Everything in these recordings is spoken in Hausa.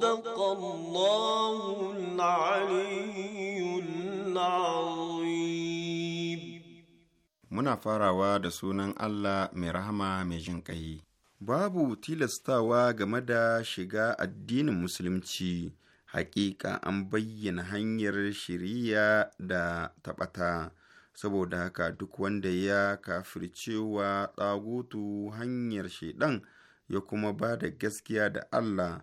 صدق muna farawa da sunan Allah mai rahama mai jin ƙai. Babu tilastawa game da shiga addinin Musulunci, hakika an bayyana hanyar shiriya da taɓata, saboda haka duk wanda ya kafircewa tsagutu hanyar shaidan ya kuma ba da gaskiya da Allah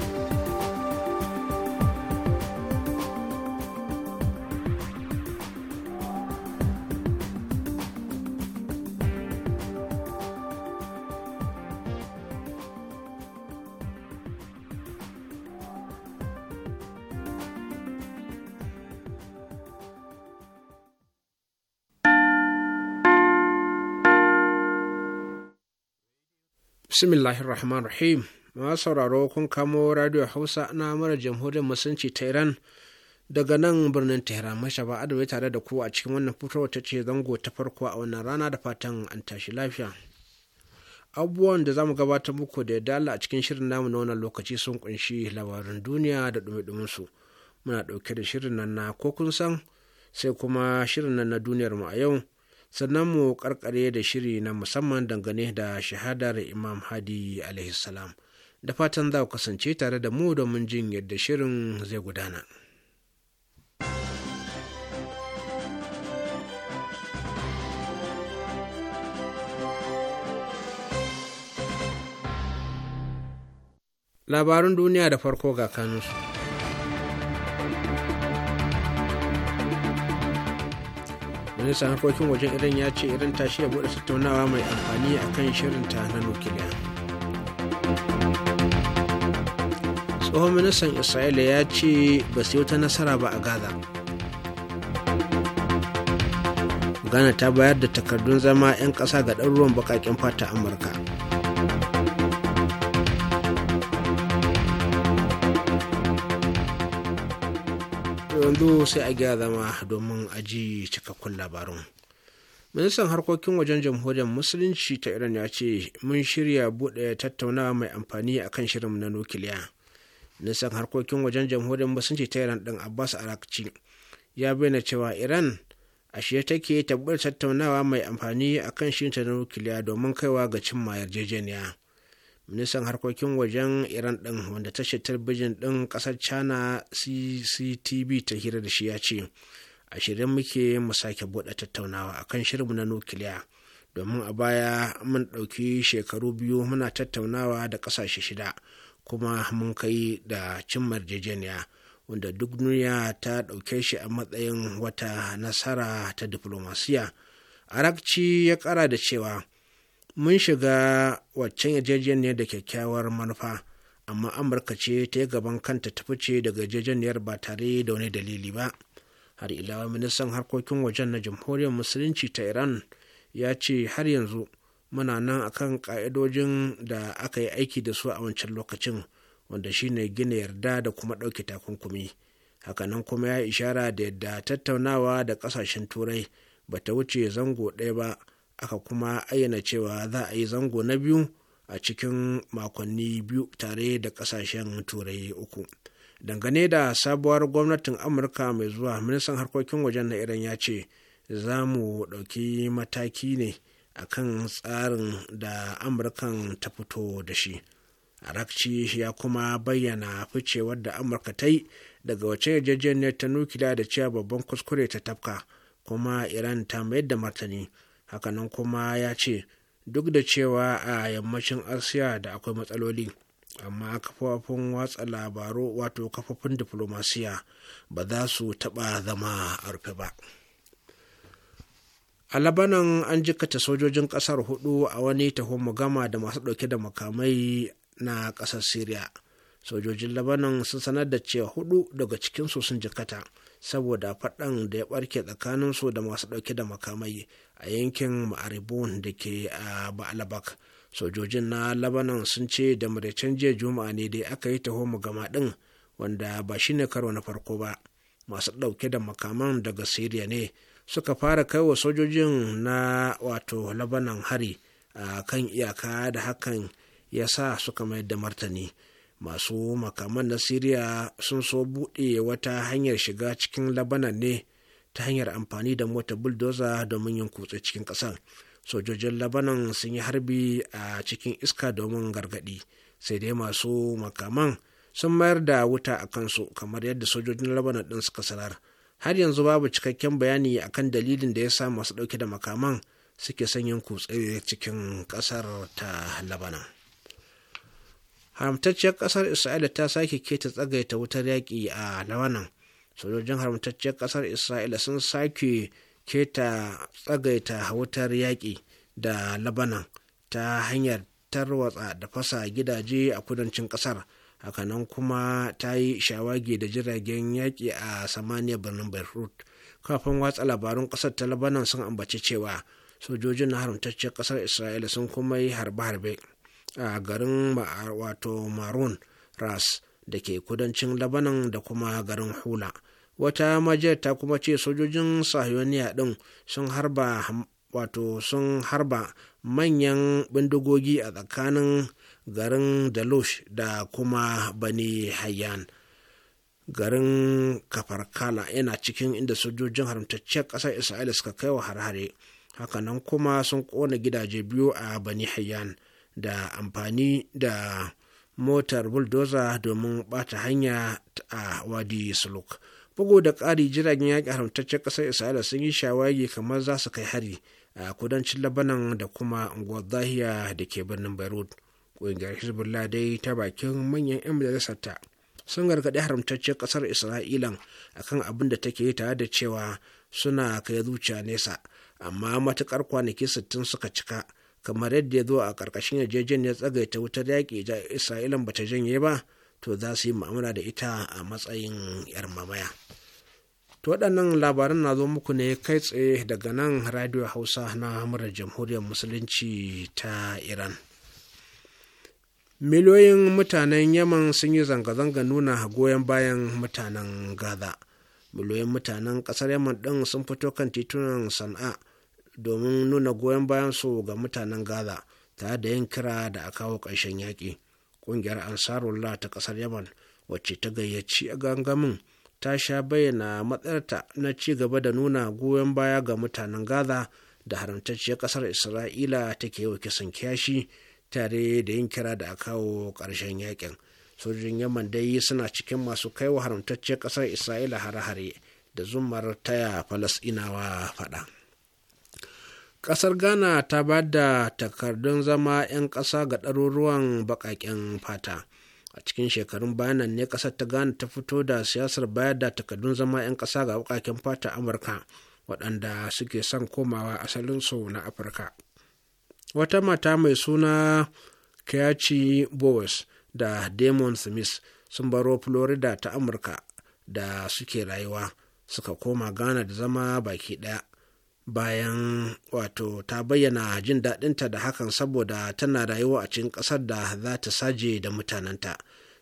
bismillahir rahman rahim ma sauraro kun kamo radio hausa na mara jamhuriyar musulunci ta iran daga nan birnin tehran ba adabai tare da ku a cikin wannan fitowar ta ce zango ta farko a wannan rana da fatan an tashi lafiya abubuwan da zamu mu gabatar muku da dala a cikin shirin namu na wannan lokaci sun kunshi labarin duniya da dumi su muna dauke da shirin nan na ko kun san sai kuma shirin nan na duniyar mu a yau sannan mu karkare da shiri na musamman dangane da shahadar imam hadi salam da fatan za ku kasance tare da mu domin jin yadda shirin zai gudana. labaran duniya da farko ga kanunsu. ministan harkokin wajen irin ya ce iran tashi ya buɗe tattaunawa mai amfani a akan shirinta na nukiliya tsohon ministan isra'ila ya ce ba su yi wata nasara ba a gaza ghana ta bayar da takardun zama 'yan ƙasa ga ɗaruruwan baƙaƙen fata amurka yanzu sai a gyara zama domin a cikakkun labarun. Ministan harkokin wajen jamhuriyar Musulunci ta Iran ya ce mun shirya buɗe tattaunawa mai amfani a kan shirin na nukiliya. Ministan harkokin wajen jamhuriyar Musulunci ta Iran ɗin Abbas Arakci ya bayyana cewa Iran a shirye take tabbatar tattaunawa mai amfani a kan shirin ta nukiliya domin kaiwa ga cimma yarjejeniya. ministan harkokin wajen iran ɗin wanda tashar talbijin ɗin ƙasar china cctv ta hira da shi ya ce a shirin muke mu sake buɗe tattaunawa a kan shirinmu na nukiliya domin a baya mun ɗauki shekaru biyu muna tattaunawa da ƙasashe shida kuma mun kai da cin marjejeniya wanda duk duniya ta ɗauke shi a matsayin wata nasara ta diflomasiya arakci ya ƙara da cewa mun shiga waccan yarjejeniyar da kyakkyawar manufa amma amurka ce ta yi gaban kanta ta fice daga yarjejeniyar ba tare da wani dalili ba har ila ministan harkokin wajen na jamhuriyar musulunci ta iran ya ce har yanzu muna nan akan ka'idojin da aka yi aiki da su a wancan lokacin wanda shine gina yarda da kuma ɗauke takunkumi hakanan kuma ya ishara da yadda tattaunawa da ƙasashen turai bata wuce zango ɗaya ba aka kuma ayyana cewa za a yi zango na biyu a cikin makonni biyu tare da kasashen turai uku dangane da sabuwar gwamnatin amurka mai zuwa ministan harkokin wajen na iran ya ce za mu ɗauki mataki ne a kan tsarin da amurkan ta fito da shi arakci ya kuma bayyana ficewar da amurka ta yi daga wace yarjejeniyar ta nukiliya da cewa babban kuskure ta tafka kuma iran ta mayar da martani hakanan kuma ya ce duk da cewa a yammacin asiya da akwai matsaloli amma kafofin watsa labaru wato kafofin diflomasiya ba za su taɓa zama a rufe ba a labanan an jikata sojojin kasar hudu a wani tahon gama da masu ɗauke da makamai na kasar syria sojojin labanan sun sanar da cewa hudu daga cikinsu sun jikata saboda faɗan da ya ɓarke tsakaninsu da masu ɗauke da makamai a yankin ma'aribun da ke a ba'alabak sojojin na labanan sun ce da maraicen jiya juma'a ne dai aka yi taho gama ɗin wanda ba shi ne karo na farko ba masu ɗauke da makaman daga siriya ne suka fara kai wa sojojin na wato labanan hari a kan iyaka da hakan ya sa suka mayar da martani masu makaman na siriya sun so buɗe wata hanyar shiga cikin labanan ne ta hanyar amfani da mota buldoza domin yin kutse cikin ƙasar sojojin labanan sun yi harbi a cikin iska domin gargaɗi sai dai masu makaman sun mayar da wuta a kansu kamar yadda sojojin labanan ɗin suka sanar har yanzu babu cikakken bayani akan dalilin da ya sa masu ɗauke da makaman suke yin kutse cikin ƙasar ta labanan haramtacciyar ƙasar isra'ila ta sake keta tsagaita wutar yaƙi a labanan sojojin haramtacciyar ƙasar isra'ila sun sake keta tsagaita wutar yaƙi da labanan ta hanyar tarwatsa da fasa gidaje a kudancin ƙasar hakanan kuma ta yi shawagi da jiragen yaƙi a samaniya birnin beirut kafin watsa labarun ƙasar ta labanan sun ambaci cewa sojojin na haramtacciyar ƙasar isra'ila sun kuma yi harbe-harbe a garin wato maron ras da ke kudancin labanan da kuma garin hula wata majiyar ta kuma ce sojojin sahiyoniya din sun harba wato sun harba manyan bindigogi a tsakanin garin dalush da kuma bani hayyan garin kafarkala yana cikin inda sojojin haramtacciyar ƙasar isra'ila suka kai wa harhare, hakanan kuma sun ƙona gidaje biyu a bani hayyan da amfani da motar bulldozer domin bata hanya a wadi suluk bugu da ƙari jiragen yaƙi haramtaccen ƙasar isra'ila sun yi shawagi kamar za su kai hari a kudancin labanan da kuma unguwar da ke birnin beirut ƙungiyar hezbollah dai ta bakin manyan 'yan majalisarta sun gargaɗi haramtaccen ƙasar isra'ilan akan abin da take yi tare da cewa suna kai zuciya nesa amma matuƙar kwanaki sittin suka cika kamar yadda ya zo a ƙarƙashin yarjejeniyar tsagaita wutar yaƙi da ba ta janye ba to za su yi mu'amala da ita a matsayin yar mamaya to waɗannan labaran na zo muku ne kai tsaye daga nan radio hausa na murar jamhuriyar musulunci ta iran miliyoyin mutanen yaman sun yi zanga-zanga nuna goyon bayan mutanen gaza miliyoyin mutanen ƙasar yaman ɗin sun fito kan titunan sana'a domin nuna goyon bayan su ga mutanen gaza tare da yin kira da a kawo ƙarshen yaƙi ƙungiyar ansarullah ta ƙasar yaman wacce ta gayyaci a gangamin ta sha bayyana matsarta na ci gaba da nuna goyon baya ga mutanen gaza da haramtacciyar ƙasar isra'ila take yi wa kisan tare da yin kira da a kawo ƙarshen yaƙin sojojin yaman dai suna cikin masu kai wa haramtacciyar ƙasar isra'ila hare-hare da zumar taya falasɗinawa faɗa. ƙasar ghana ta ba da takardun zama 'yan ƙasa ga ɗaruruwan baƙaƙen fata a cikin shekarun bayanan ne ƙasar ta ghana ta fito da siyasar bayar da takardun zama 'yan ƙasa ga baƙaƙen fata amurka waɗanda suke son komawa asalinsu na afirka wata mata mai suna Kiachi Bowes da Damon Smith sun baro Florida ta Amurka da suke rayuwa suka koma Ghana da zama baki ɗaya bayan wato ta bayyana jin daɗinta da hakan saboda tana rayuwa a cikin ƙasar da za ta saje da mutanenta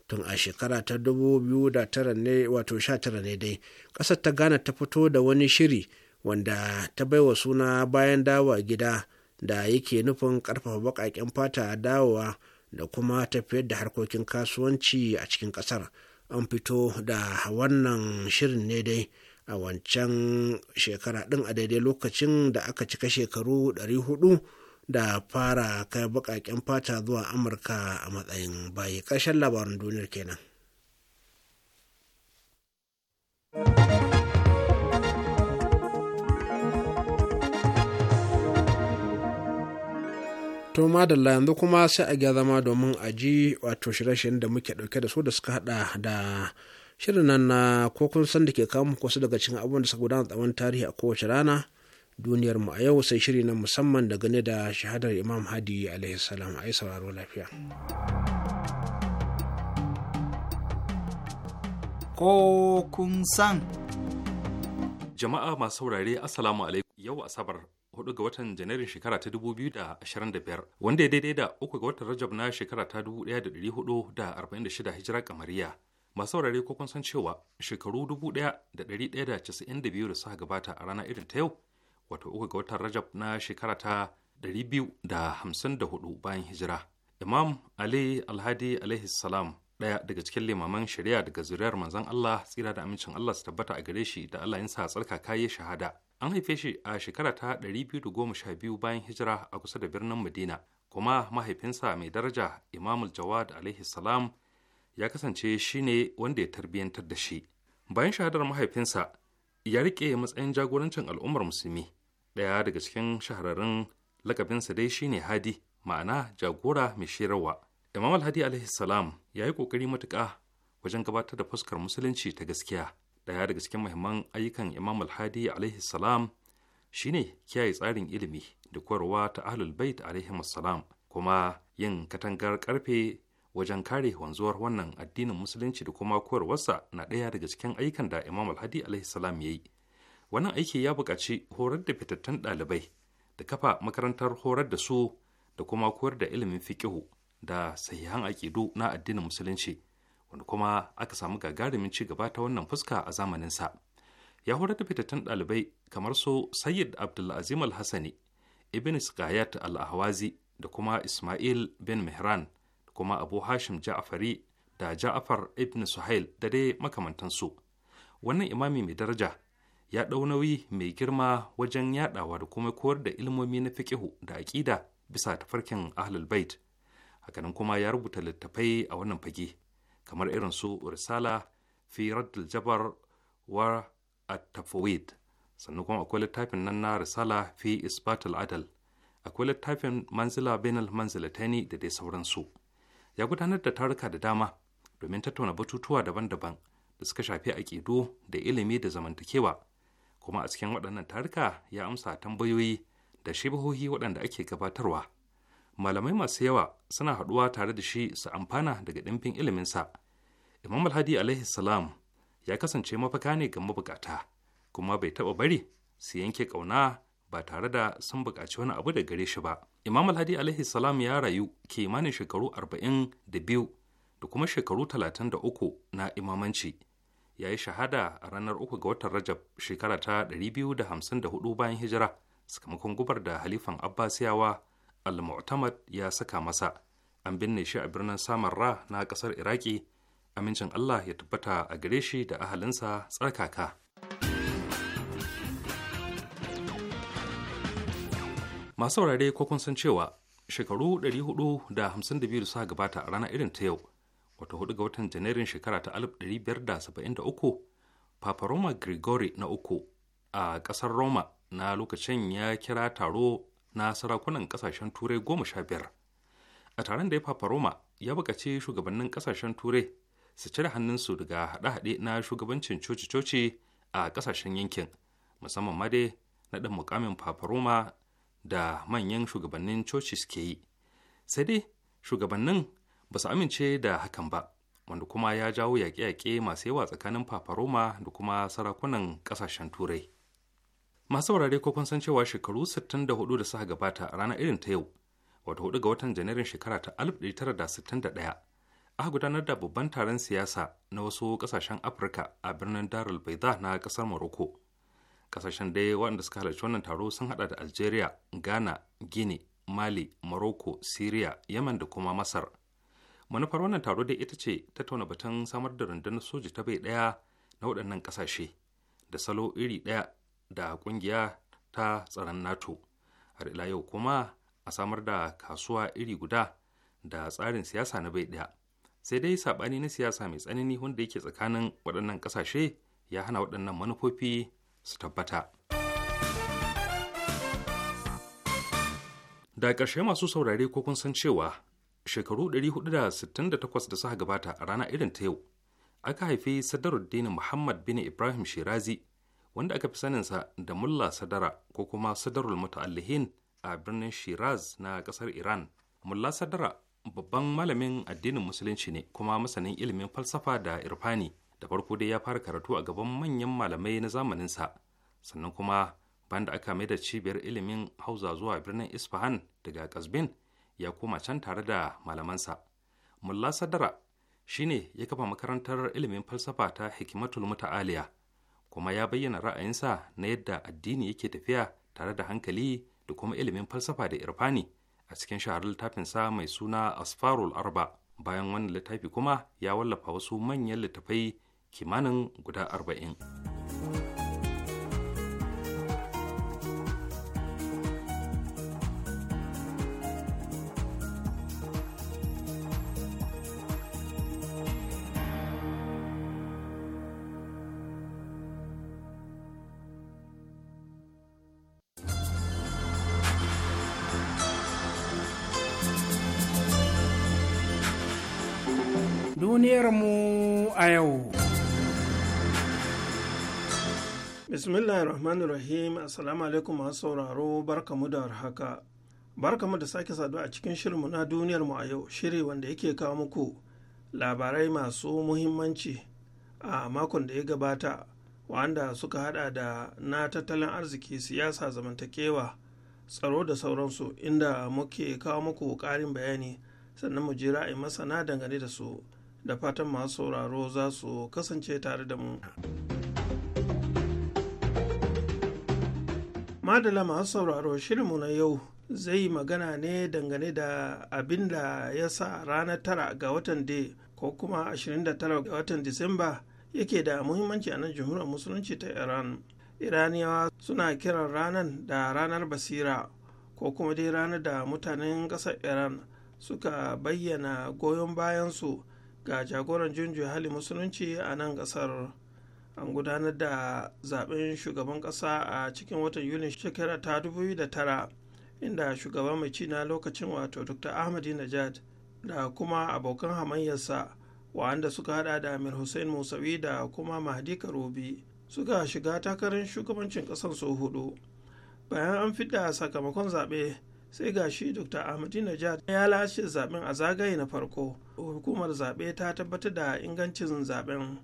tun a shekara ta 2009 ne wato 19 dai ƙasar ta gana ta fito da wani shiri wanda ta baiwa suna bayan dawa gida da yake nufin ƙarfafa baƙaƙen fata dawowa da kuma tafiyar da harkokin kasuwanci a cikin ƙasar an fito da wannan shirin ne dai a wancan shekara ɗin a daidai lokacin da aka cika shekaru 400 da fara kai baƙaƙen fata zuwa amurka a matsayin bayi ƙarshen labarin duniyar kenan. to madalla yanzu kuma sai a gya zama domin a ji wato shirye-shiryen da muke dauke da su da suka hada da shirin nan na kokon san da ke kawo wasu daga cikin abubuwan da suka gudana tsawon tarihi a kowace rana duniyar mu a yau sai shiri na musamman da gane da shahadar imam hadi alaihi salam a yi sauraro lafiya kokun san jama'a masu saurare assalamu alaikum yau asabar 4 ga watan janairun shekara ta 2025 wanda ya daidai da 3 ga watan rajab na shekara ta 1446 hijira kamariya masu saurare ko kun san cewa shekaru 1192 da suka gabata a rana irin ta yau wato uku ga watan rajab na shekara ta 254 bayan hijira imam ali alhadi alaihi salam daya daga cikin limaman shari'a daga zuriyar manzon allah tsira da amincin allah su tabbata a gare shi da allah sa tsarka kayi shahada an haife shi a shekara ta 212 bayan hijira a kusa da birnin madina kuma mahaifinsa mai daraja imamul jawad alaihi salam ya kasance shi ne wanda ya tarbiyyantar da shi bayan shahadar mahaifinsa ya rike matsayin jagorancin al'ummar musulmi ɗaya daga cikin shahararrun lakabinsa dai ne hadi ma'ana jagora mai shirarwa imam alhadi alaihi salam ya yi ƙoƙari matuƙa wajen gabatar da fuskar musulunci ta gaskiya ɗaya daga cikin mahimman ayyukan imam alhadi alaihi salam shine kiyaye tsarin ilimi da koyarwa ta ahlul bait alaihi kuma yin katangar karfe wajen kare wanzuwar wannan addinin musulunci da kuma koyarwarsa na ɗaya daga cikin ayyukan da imam alhadi alaihi salam ya yi wannan aiki ya buƙaci horar da fitattun ɗalibai da kafa makarantar horar da su da kuma koyar da ilimin fiƙihu da sahihan aƙidu na addinin musulunci wanda kuma aka samu gagarumin ci gaba ta wannan fuska a zamanin sa ya horar da fitattun ɗalibai kamar su sayyid abdulazim al hasani ibn sikayat al-ahwazi da kuma ismail bin mihran kuma abu hashim ja'afari da ja'afar ibn suhail da dai makamantansu wannan imami mai daraja ya ɗau nauyi mai girma wajen yaɗawa da kuma koyar da ilmomi na fiƙihu da aƙida bisa tafarkin ahlul bait hakanan kuma ya rubuta littattafai a wannan fage kamar irin su risala fi raddul jabar wa at-tafawid sannan kuma akwai littafin nan na risala fi isbatul adal akwai littafin manzila bainal manzilatani da dai sauransu ya gudanar da taruka da dama domin tattauna batutuwa daban-daban da suka shafi aƙidu da ilimi da zamantakewa kuma a cikin waɗannan taruka ya amsa tambayoyi da shibahohi waɗanda ake gabatarwa malamai masu yawa suna haɗuwa tare da shi su amfana daga ɗimbin iliminsa imam alhadi alaihi salam ya kasance mafaka ne ga mabukata kuma bai taɓa bari su yanke ƙauna ba tare da sun buƙaci wani abu da gare shi ba imam alhadi alaihi salam ya rayu kimanin shekaru arba'in da biyu da kuma shekaru talatin da uku na imamanci ya yi shahada a ranar uku ga watan rajab shekara ta hudu bayan hijira sakamakon gubar da halifan abbasiyawa al-mu'tamad ya saka masa an binne shi a birnin samarra na ƙasar iraki amincin allah ya tabbata a gare shi da ahalinsa tsarkaka masu saurare ko kun san cewa shekaru 452 da suka gabata a rana irin ta yau wata hudu ga watan janairun shekara ta 1573 papa roma gregory na uku a kasar roma na lokacin ya kira taro na sarakunan kasashen turai goma sha biyar a taron da ya papa roma ya bukaci shugabannin ƙasashen turai su cire hannunsu daga haɗe-haɗe na shugabancin coci-coci a ƙasashen yankin musamman ma dai na ɗan mukamin papa roma da manyan shugabannin coci suke yi sai dai shugabannin ba su amince da hakan ba wanda kuma ya jawo yaƙe-yaƙe masu yawa tsakanin roma da kuma sarakunan ƙasashen turai masu wurare ko kun san cewa shekaru 64 da suka gabata a ranar irin ta yau wata hudu ga watan janairun shekara ta 1961 aka gudanar da babban taron siyasa na wasu ƙasashen afirka a birnin darul baida na ƙasar morocco kasashen dai waɗanda suka halarci wannan taro sun hada da algeria ghana guinea mali morocco syria yaman da kuma masar manufar wannan taro dai ita ce tattauna batun samar da rundunar soji ta bai ɗaya na waɗannan ƙasashe da salo iri ɗaya da ƙungiya ta tsaron nato har ila yau kuma a samar da kasuwa iri guda da tsarin siyasa na bai ɗaya sai dai saɓani na siyasa mai tsanani wanda yake tsakanin waɗannan ƙasashe ya hana waɗannan manufofi su tabbata. Da ƙarshe masu saurare ko kun san cewa shekaru 468 da suka gabata a rana irin ta yau aka haifi Sadarar Sadaruddin Muhammad bin Ibrahim Shirazi wanda aka fi saninsa da Mulla Sadara ko kuma Sadarul Muta'allihin a birnin Shiraz na ƙasar Iran. Mulla Sadara babban malamin addinin musulunci ne kuma masanin ilimin falsafa da irfani da farko dai ya fara karatu a gaban manyan malamai na zamaninsa sannan kuma bayan da aka da cibiyar ilimin hausa zuwa birnin isfahan daga kasbin ya koma can tare da malamansa mulla sadara shine ya kafa makarantar ilimin falsafa ta hikimatul muta'aliya kuma ya bayyana ra'ayinsa na yadda addini yake tafiya tare da hankali da kuma ilimin falsafa da irfani a cikin shaharar littafinsa mai suna asfarul arba bayan wannan littafi kuma ya wallafa wasu manyan littafai kimanin guda arba'in. duniyarmu a yau. bismillahir rahmanir rahim assalamu alaikum masu sauraro barkamu da warhaka barkamu da sake saduwa a cikin mu na duniyar mu a yau shiri wanda yake kawo muku labarai masu muhimmanci a makon da ya gabata wanda suka hada da na tattalin arziki siyasa zamantakewa tsaro da sauransu inda muke kawo muku karin bayani sannan mu jira ra'ayin masana dangane da su da fatan masu sauraro za su kasance tare da mu. madala masu sauraro shirinmu na yau zai magana ne dangane da abin da ya sa ranar tara ga watan da ko kuma 29 ga watan disamba yake da muhimmanci a nan jamhuriyar musulunci ta iran iraniyawa suna kiran ranar da ranar basira ko kuma dai ranar da mutanen ƙasar iran suka bayyana goyon bayansu ga jagoran junju hali musulunci a nan ƙasar an gudanar da zaben shugaban ƙasa a cikin watan yulin shekara ta da tara, inda shugaban mai ci na lokacin wato dr ahmadi najad da kuma abokan hamayyarsa wa'anda suka hada da amir hussein musawi da kuma mahdi karobi suka shiga takarar shugabancin ƙasar su hudu bayan an fidda sakamakon zaɓe sai ga shi dr ahmadi najad ya lashe zaben a zagaye na farko hukumar zaɓe ta tabbatar da ingancin zaben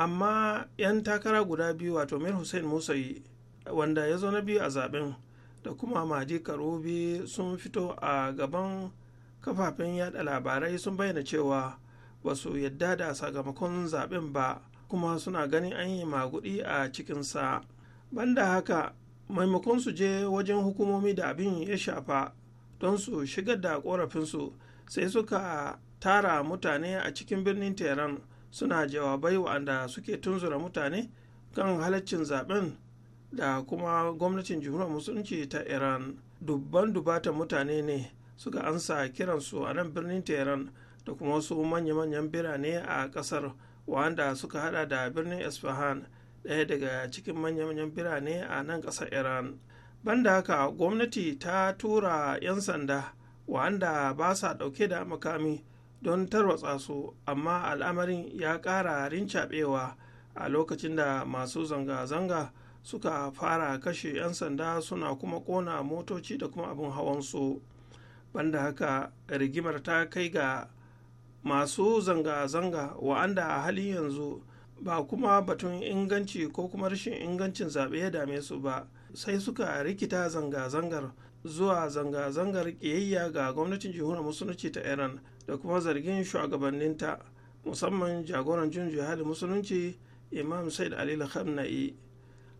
amma 'yan takara guda biyu wato mir hussein musayi wanda ya zo na biyu a zaben da kuma mahdi karobi sun fito a gaban kafafen yada labarai sun bayyana cewa ba su yadda da sakamakon zaben ba kuma suna ganin an yi magudi a cikinsa banda haka maimakon su je wajen hukumomi da abin ya shafa don su shigar da korafinsu sai suka tara mutane a cikin birnin tehran suna jawabai wa'anda suke tunzura mutane kan halaccin zaben da kuma gwamnatin jumhuriyar musulunci ta iran dubban dubatan mutane ne suka ansa kiransu a nan birnin tehran da kuma wasu manya-manyan birane a kasar wanda suka hada da birnin isfahan ɗaya daga cikin manya-manyan birane a nan kasar iran banda haka gwamnati ta tura 'yan sanda wanda ba sa ɗauke da makami don tarwatsa su amma al'amarin ya ƙara rincaɓewa a lokacin da masu zanga-zanga suka fara kashe 'yan sanda suna kuma ƙona motoci da kuma abin su banda haka rigimar ta kai ga masu zanga-zanga wa'anda a halin yanzu ba kuma batun inganci ko kuma rashin ingancin zaɓe ya dame su ba sai suka rikita zanga-zangar zuwa zanga-zangar ƙiyayya ga gwamnatin jihunar musulunci ta iran da kuma zargin shugabanninta musamman jagoran jin jihadin musulunci imam said ali khamna'i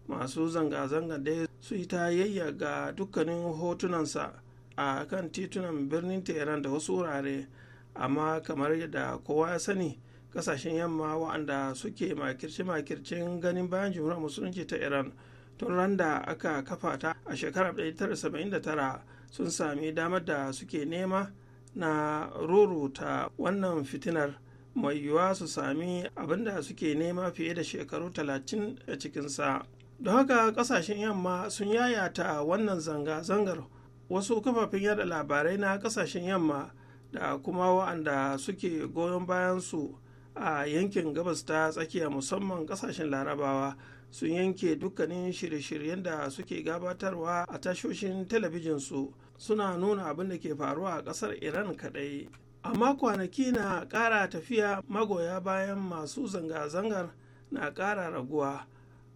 masu zanga-zanga da su yi ta yayya ga dukkanin hotunansa a kan titunan birnin teheran da wasu wurare amma kamar yadda kowa ya sani kasashen yamma waɗanda suke makirce makircin ganin bayan jimhuriyar musulunci ta iran tun ran da aka kafa ta a shekarar 1979 sun sami damar da suke nema na ruruta wannan fitinar mai yiwuwa su sami abin da suke nema fiye da shekaru talatin a cikinsa don haka kasashen yamma sun yayata wannan zanga-zangar wasu kafafen yada labarai na kasashen yamma da kuma wa'anda suke goyon bayan su a yankin gabas ta tsakiya musamman kasashen larabawa sun yanke dukkanin shirye-shiryen da suke gabatarwa a tashoshin talabijin su suna nuna abin da ke faruwa a ƙasar iran kaɗai amma kwanaki na ƙara tafiya magoya bayan masu zanga-zangar na ƙara raguwa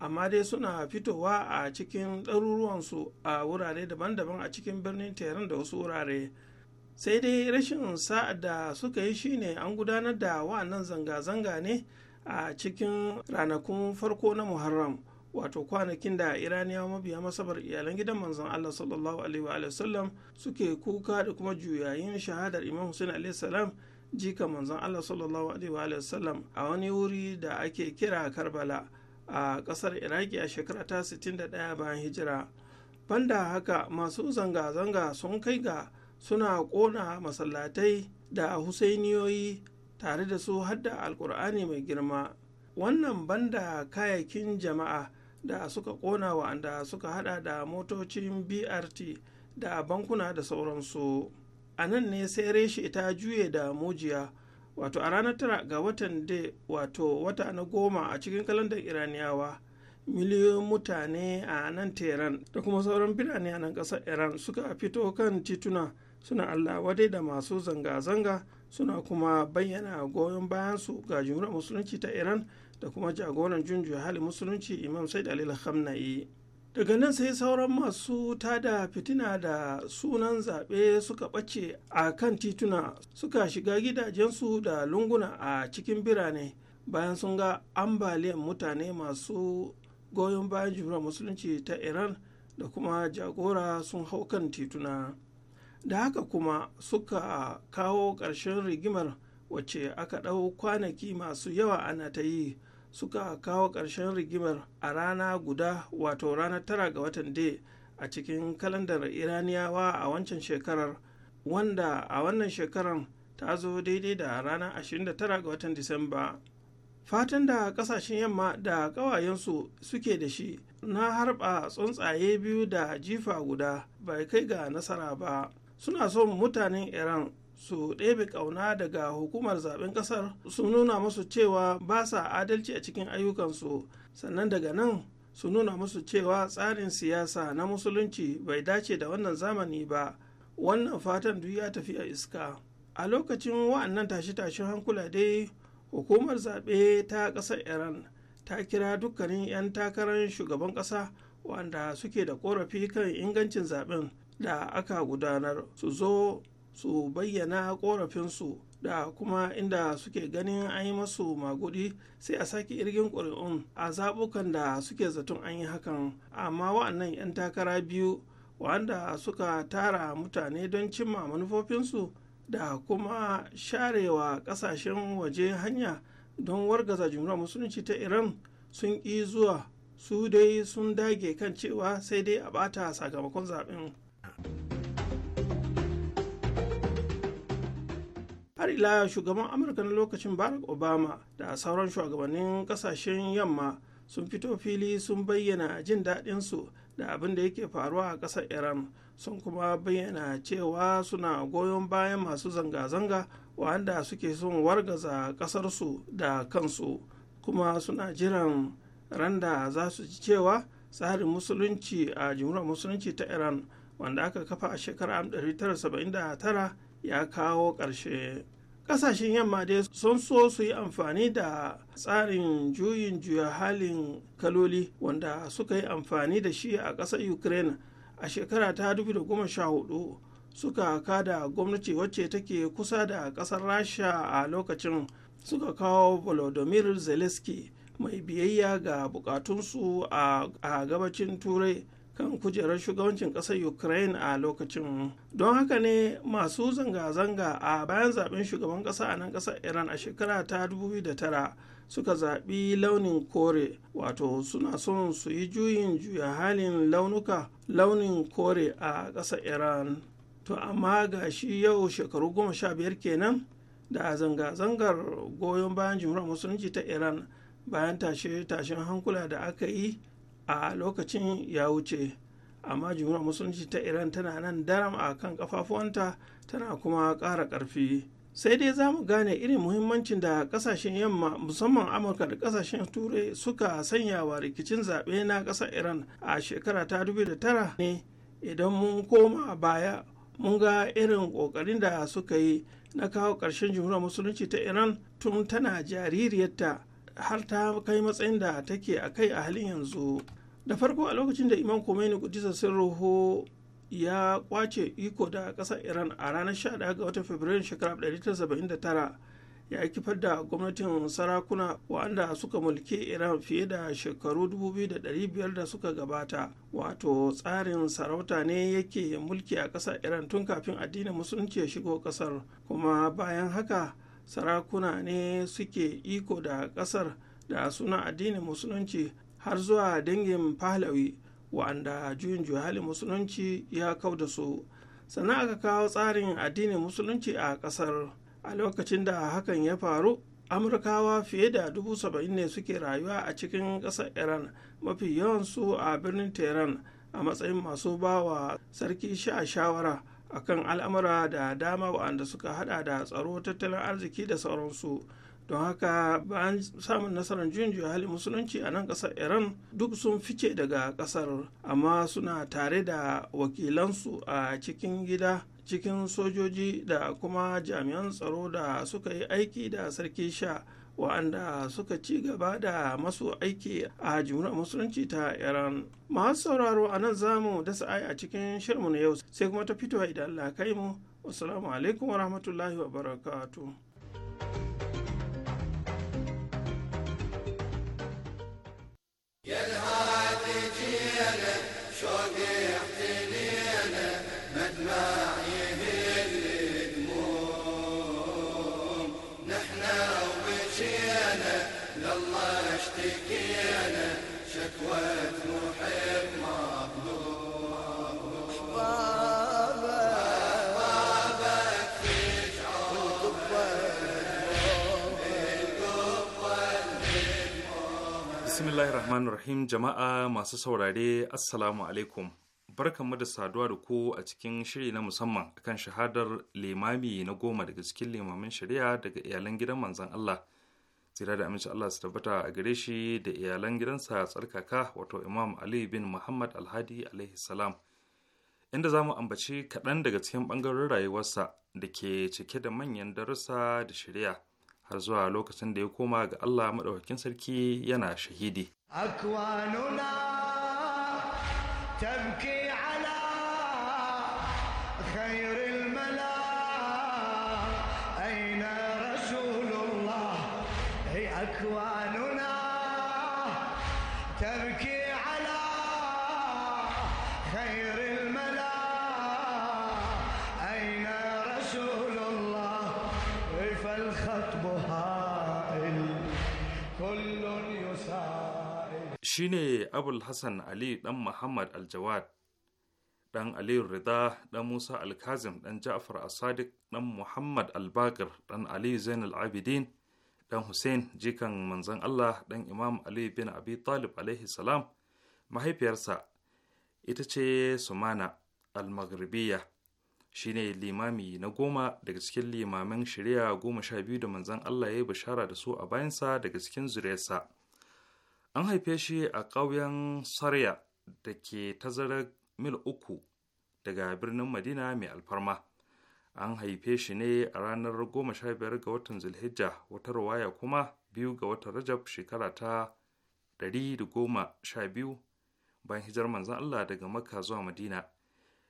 amma dai suna fitowa a cikin ɗaruruwansu a wurare daban-daban a cikin birnin teran da wasu wurare sai dai rashin sa'ad da suka yi shine an gudanar da wa'annan zanga-zanga ne a cikin ranakun farko na muharram wato kwanakin da iraniya mabiya masabar iyalan gidan manzon allah sallallahu alaihi wa sallam suke kuka da kuma juyayin shahadar imam hussein alaihi salam jika manzon allah sallallahu alaihi wa sallam a wani wuri da ake kira karbala a kasar iraki a shekara ta 61 bayan hijira banda haka masu zanga-zanga sun kai ga suna kona masallatai da husainiyoyi tare da su hadda alkur'ani mai girma wannan banda kayakin jama'a da suka kona wa'anda suka hada da motocin brt da bankuna da sauransu a nan ne sai reshe ta juye da mujiya wato a ranar tara ga watan da wato wata na goma a cikin kalandar iraniyawa miliyoyin mutane a nan teran da kuma sauran birane a nan ƙasar iran suka fito kan tituna suna allah wadai da masu zanga-zanga suna kuma bayyana goyon bayansu ga jumhuriyar musulunci ta iran da kuma jagoran junju hali musulunci imam said alil khamna'i daga nan sai sauran masu tada fitina da sunan zaɓe suka ɓace a kan tituna suka shiga gidajensu da lunguna a cikin birane bayan sun ga ambaliyan mutane masu goyon bayan jumhuriyar musulunci ta iran da kuma jagora sun hau kan tituna da haka kuma suka kawo ƙarshen rigimar wacce aka ɗau kwanaki masu yawa ana ta yi suka kawo ƙarshen rigimar a rana guda wato ranar tara ga watan dai a cikin kalandar iraniyawa a wancan shekarar wanda a wannan shekarar ta zo daidai da ranar 29 ga watan disamba fatan da kasashen yamma da ƙawayensu suke da shi na harba tsuntsaye biyu da jifa guda bai kai ga nasara ba suna son mutanen iran su ɗebe ƙauna daga hukumar zaben ƙasar su nuna musu cewa ba sa adalci a cikin ayyukansu sannan daga nan su nuna musu cewa tsarin siyasa na musulunci bai dace da wannan zamani ba wannan fatan duk ya tafi a iska a lokacin wa'annan tashe-tashen hankula dai hukumar zaɓe ta ƙasar iran ta kira dukkanin 'yan takarar shugaban ƙasa wanda suke da ƙorafi kan ingancin zaɓen da aka gudanar su zo su bayyana korafinsu da kuma inda suke ganin an yi masu magudi sai a sake irgin ƙuri'un a zaɓukan da suke zaton an yi hakan amma wa'annan 'yan takara biyu wanda suka tara mutane don cimma manufofinsu da kuma sharewa ƙasashen waje hanya don wargaza jumla musulunci ta iran sun ƙi zuwa su dai sun dage kan cewa sai dai a ɓata sakamakon zaɓen har ila shugaban amurka na lokacin barack obama da sauran shugabannin kasashen yamma sun fito fili sun bayyana jin daɗinsu da abin da yake faruwa a ƙasar iran sun kuma bayyana cewa suna goyon bayan masu zanga-zanga wanda suke son wargaza ƙasarsu da kansu kuma suna jiran randa za su ji cewa tsarin musulunci a jimurar musulunci ta iran wanda aka kafa a shekarar 1979 ya kawo ƙarshe ƙasashen yamma dai sun so su yi amfani da tsarin juyin juya halin kaloli wanda suka yi amfani da shi a ƙasar ukraine a shekara ta 2014 suka kada gwamnati wacce take kusa da ƙasar rasha a lokacin suka kawo volodymyr zelensky mai biyayya ga bukatunsu a gabacin turai kan kujerar shugabancin ƙasar ukraine a lokacin don haka ne masu zanga-zanga a bayan zaben shugaban ƙasa a nan ƙasar iran a shekara ta 2009 suka zaɓi launin kore wato suna son su yi juyin juya halin launuka launin kore a ƙasar iran to amma ga shi yau shekaru goma sha biyar kenan da zanga-zangar goyon bayan jimhuriyar musulunci ta iran bayan tashe-tashen hankula da aka yi a lokacin ya wuce amma jumhuriyar musulunci ta iran tana nan daram a kan kafafuwanta tana kuma ƙara ƙarfi sai dai za mu gane irin muhimmancin da kasashen yamma musamman amurka da kasashen turai suka sanya wa rikicin zaɓe na ƙasar iran a shekara ta 2009 ne idan mun koma baya mun ga irin ƙoƙarin da suka yi na kawo ƙarshen jumhuriyar musulunci ta iran tun tana jaririyarta har ta kai matsayin da take a kai a halin yanzu da farko a lokacin da imam khomeini kudisa roho ya kwace iko da kasar iran a ranar 11 ga watan fabrairun shekarar 1979 ya kifar da gwamnatin sarakuna wa'anda suka mulki iran fiye da shekaru 2500 da suka gabata wato tsarin sarauta ne yake mulki a kasar iran tun kafin addinin musulunci ya shigo kasar kuma bayan haka sarakuna ne suke iko da ƙasar da sunan addinin musulunci har zuwa dangin pahlawi wa'anda juyin juhali musulunci ya kau da su sannan aka kawo tsarin addinin musulunci a ƙasar a lokacin da hakan ya faru amurkawa fiye da dubu saba'in ne suke rayuwa a cikin ƙasar iran mafi yawan su a birnin tehran a matsayin masu bawa sarki sha shawara akan al'amura da dama waɗanda suka hada da tsaro tattalin arziki da sauransu don haka bayan samun nasarar juyin hali musulunci a nan ƙasar iran duk sun fice daga ƙasar amma suna tare da wakilansu a cikin gida cikin sojoji da kuma jami'an tsaro da suka yi aiki da sarki sha waɗanda suka ci gaba da masu aiki a jumhuriyar musulunci ta iran masu sauraro a nan zamu dasa ai a cikin shirmu na yau sai kuma ta fitowa idan allah kai mu wasalamu alaikum wa rahmatullahi wa barakatuh bismillahir rahmanir rahim jama'a masu saurare assalamu alaikum barkanmu da saduwa da ku a cikin shiri na musamman kan shahadar limami na goma daga cikin limamin shari'a daga iyalan gidan manzon Allah tsira da aminci Allah su tabbata a gare shi da iyalan gidansa tsarkaka wato imam Ali bin Muhammad Alhadi alaihi salam inda za mu ambaci kaɗan daga cikin ɓangaren rayuwarsa da ke cike da manyan darussa da shari'a har zuwa lokacin da ya koma ga Allah maɗaukakin sarki yana shahidi. Akwanuna tabki ala khairu shine abul hassan ali dan muhammad aljawad dan aliyu rida dan musa alkazim dan ja'far asadik dan muhammad albakir dan ali zainal abidin dan hussein jikan manzon allah dan imam ali bin abi talib alaihi salam mahaifiyarsa ita ce sumana shi shine limami na goma daga cikin limamin shari'a goma sha biyu da manzon allah ya yi bishara da su a bayansa daga cikin zuriyarsa An haife shi a ƙauyen Sarya da ke tazarar mil uku daga birnin Madina mai alfarma. An haife shi ne a ranar 15 ga watan Zulhijja, wata ruwaya kuma biyu ga watan Rajab shekara ta 112 bayan hijar manzan Allah daga Makka zuwa Madina.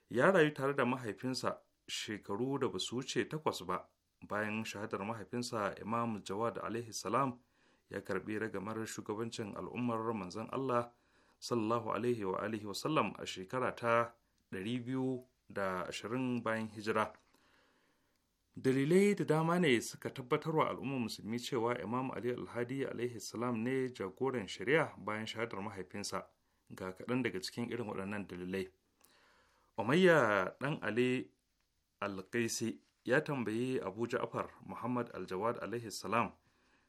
Ya rayu tare da mahaifinsa shekaru da ba su wuce takwas ba bayan shahadar mahaifinsa Imam Jawad alaihi salam ya karbi ragamar shugabancin al'ummar manzon Allah sallallahu alaihi wa alihi wa sallam a shekara ta 220 bayan hijira dalilai da dama ne suka tabbatar wa al'ummar musulmi cewa imam ali alhadi alaihi salam ne jagoran shari'a bayan shahadar mahaifinsa ga kaɗan daga cikin irin waɗannan dalilai umayya ɗan ali alƙaisi ya tambayi abu ja'far muhammad aljawad alaihi salam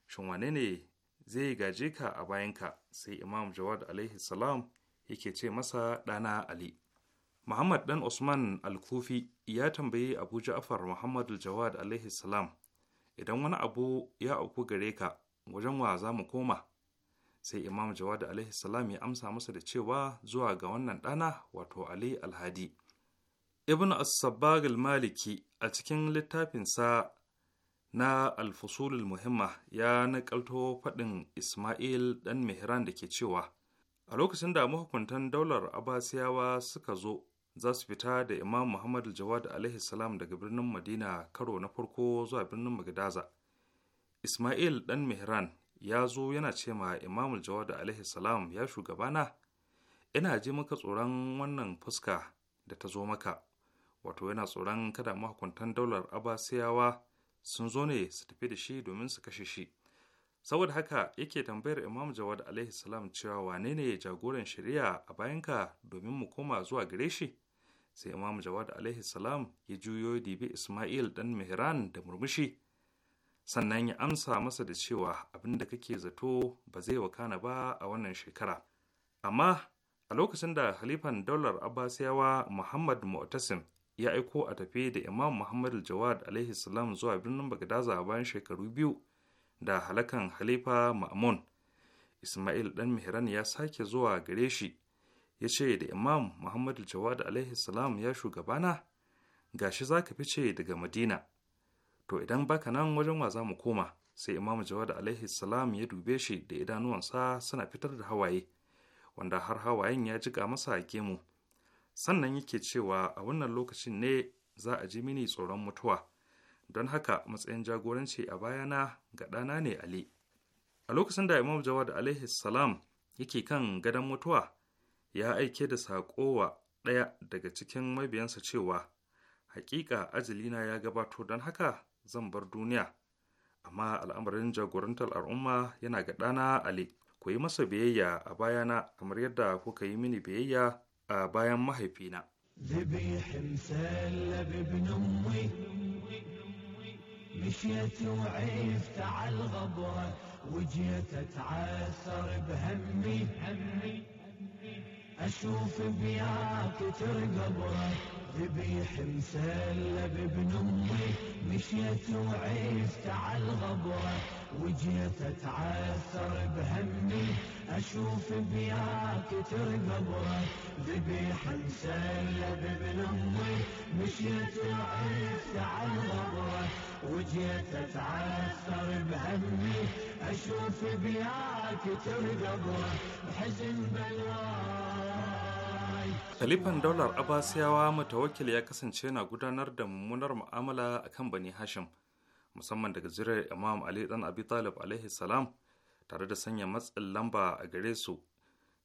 shin wane ne zai gaje ka a bayanka sai imam jawad alaihi salam yake ce masa ɗana ali muhammad dan usman Alkufi ya tambayi abu ja'far muhammad jawad alaihi salam idan wani abu ya auku gare ka wajen wa za mu koma sai imam jawad alaihi salam ya amsa masa da cewa zuwa ga wannan ɗana wato ali alhadi ibn as-sabbag al-maliki a cikin littafinsa na alfusulul muhimma ya nakalto faɗin Ismail ɗan Mihran da ke cewa, A lokacin da mahukuntan daular abasiyawa suka zo, za su fita da Imam Muhammad Jawad alaihi salam daga birnin Madina karo na farko zuwa birnin Magdaza. Ismail ɗan Mihran ya zo yana ce ma Imam Jawad alaihi salam ya shugabana, ina ji maka tsoron wannan fuska da ta zo maka, wato yana tsoron kada mahukuntan daular abasiyawa sun zo ne su tafi da shi domin su kashe shi saboda haka yake tambayar imam jawad alaihi salam cewa wane ne jagoran shari'a a bayanka domin mu koma zuwa gare shi sai imam jawad alaihi salam ya juyo dibi ismail dan mihran da murmushi sannan ya amsa masa da cewa abin da kake zato ba zai wakana ba a wannan shekara amma a lokacin da halifan daular abbasiyawa muhammad mu'tasim ya aiko a tafi da imam muhammad jawad alaihi salam zuwa birnin bagdaza bayan shekaru biyu da halakan halifa ma'amun ismail dan mihran ya sake zuwa gare shi ya ce da imam muhammad jawad alaihi salam ya shugabana gashi za ka fice daga madina to idan baka nan wajen wa za mu koma sai imam jawad alaihi salam ya dube shi da idanuwansa suna fitar da hawaye wanda har hawayen ya jiƙa masa gemu sannan yake cewa a wannan lokacin ne za a ji mini tsoron mutuwa don haka matsayin jagoranci a bayana ga ɗana ne ali a lokacin da imam jawad alaihi salam yake kan gadon mutuwa ya aike da saƙo wa ɗaya daga cikin mabiyansa cewa haƙiƙa, ajalina ya gabato don haka zan bar duniya amma al'amarin jagorantar al'umma yana ga ɗana ali ku yi masa biyayya a bayana kamar yadda kuka yi mini biyayya a bayan mahaifina. ذبيح مثلب ابن امي مشيت وعيفت على الغبرة وجيت اتعثر بهمي همي اشوف بياك ترقبره ذبيح مسلب ابن امي مشيت وعيفت على الغبره وجيت اتعثر بهمي اشوف بياك ترقى ترقبره ذبيح مسلب ابن امي مشيت وعفت على الغبره وجيت اتعثر بهمي اشوف بياك ترقبره حزن بلواي Khalifan daular Abasiyawa matawakil ya kasance na gudanar da mummunar mu'amala a kan Bani Hashim musamman daga zirar imam ali dan abi talib alaihi salam tare da sanya matsin lamba a gare su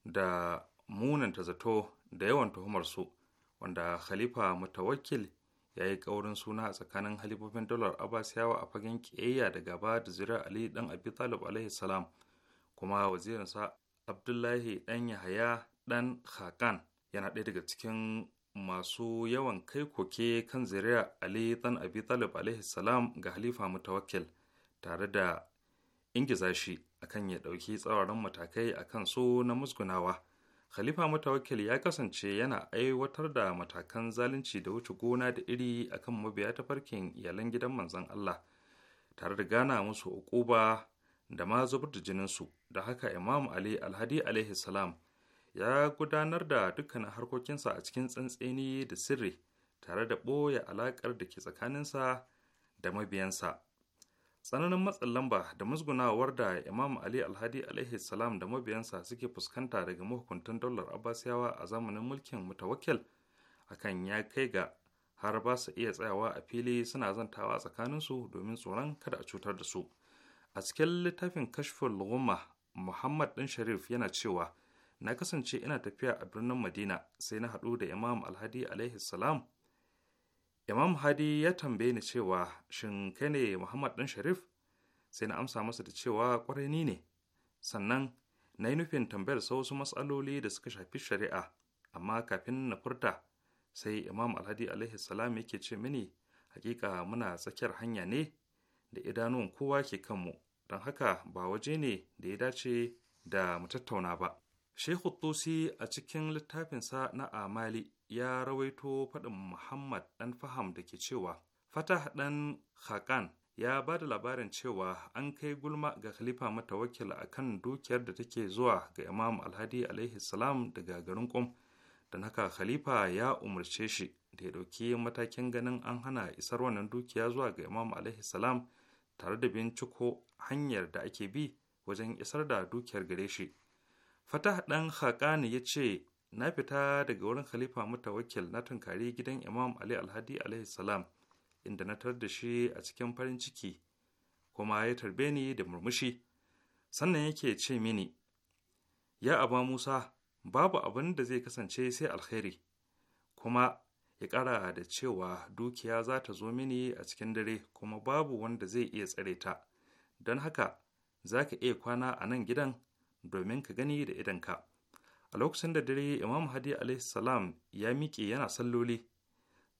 da munanta zato da yawan tuhumar su wanda khalifa mutawakkil ya yi ƙaurin suna a tsakanin halifofin dalar abasiyawa a fagen kiyayya da gaba da zira ali dan abi talib alaihi salam kuma wazirinsa abdullahi dan yahaya dan khakan yana ɗaya daga cikin masu yawan kai koke kan zuriya Ali dan Abi Talib alaihi salam ga Halifa Mutawakkil tare da ingiza shi akan ya dauki tsawaran matakai akan su na musgunawa. Khalifa Mutawakkil ya kasance yana aiwatar da matakan zalunci da wuce gona da iri akan mabiya ta farkin iyalan gidan manzon Allah tare da gana musu uquba da ma zubar da jininsu da haka Imam Ali Alhadi alaihi salam ya gudanar da dukkanin harkokinsa a cikin tsantseni da sirri tare da ɓoye alaƙar da ke tsakaninsa da mabiyansa tsananin matsin lamba da musgunawar da imam ali alhadi alaihi salam da mabiyansa suke fuskanta daga mahukuntan daular abbasiyawa a zamanin mulkin mutawakkil hakan ya kai ga har ba su iya tsayawa a fili suna zantawa tsakaninsu domin tsoron kada a cutar da su a cikin littafin kashful gumma muhammad ɗin sharif yana cewa na kasance ina tafiya a birnin madina sai na haɗu da imam alhadi alaihi salam imam hadi ya tambaye ni cewa shin kai ne muhammad ɗan sharif sai na amsa masa da cewa ƙwarai ni ne sannan na yi nufin tambayar sa wasu matsaloli da suka shafi shari'a amma kafin na furta sai imam alhadi alaihi salam yake ce mini hakika muna tsakiyar hanya ne da idanuwan kowa ke kanmu don haka ba waje ne da ya dace da mu tattauna ba Shehu Tusi a cikin littafinsa na Amali ya rawaito faɗin Muhammad ɗan Faham da ke cewa Fatah ɗan Hakan ya ba da labarin cewa an kai gulma ga Khalifa Matawakil a kan dukiyar da take zuwa ga Imam Alhadi alaihi salam daga garin Qom. Don haka Khalifa ya umarce shi da ya ɗauki matakin ganin an hana isar wannan dukiya zuwa ga Imam alaihi salam tare da binciko hanyar da ake bi wajen isar da dukiyar gare shi. Fatah ɗan Haƙani ya ce, Na fita daga wurin Khalifa Mutawakil na tunkari gidan Imam Ali Alhadi alaihi inda na tar da shi a cikin farin ciki, kuma ya tarbe ni da murmushi. Sannan yake ce mini, Ya aba Musa, babu abin da zai kasance sai alkhairi, kuma ya ƙara da cewa dukiya za ta zo mini a cikin dare kuma babu wanda zai iya tsare ta, don haka za ka iya kwana a nan gidan domin ka gani da ka. a lokacin da dare imam hadi alaihi ya miƙe yana salloli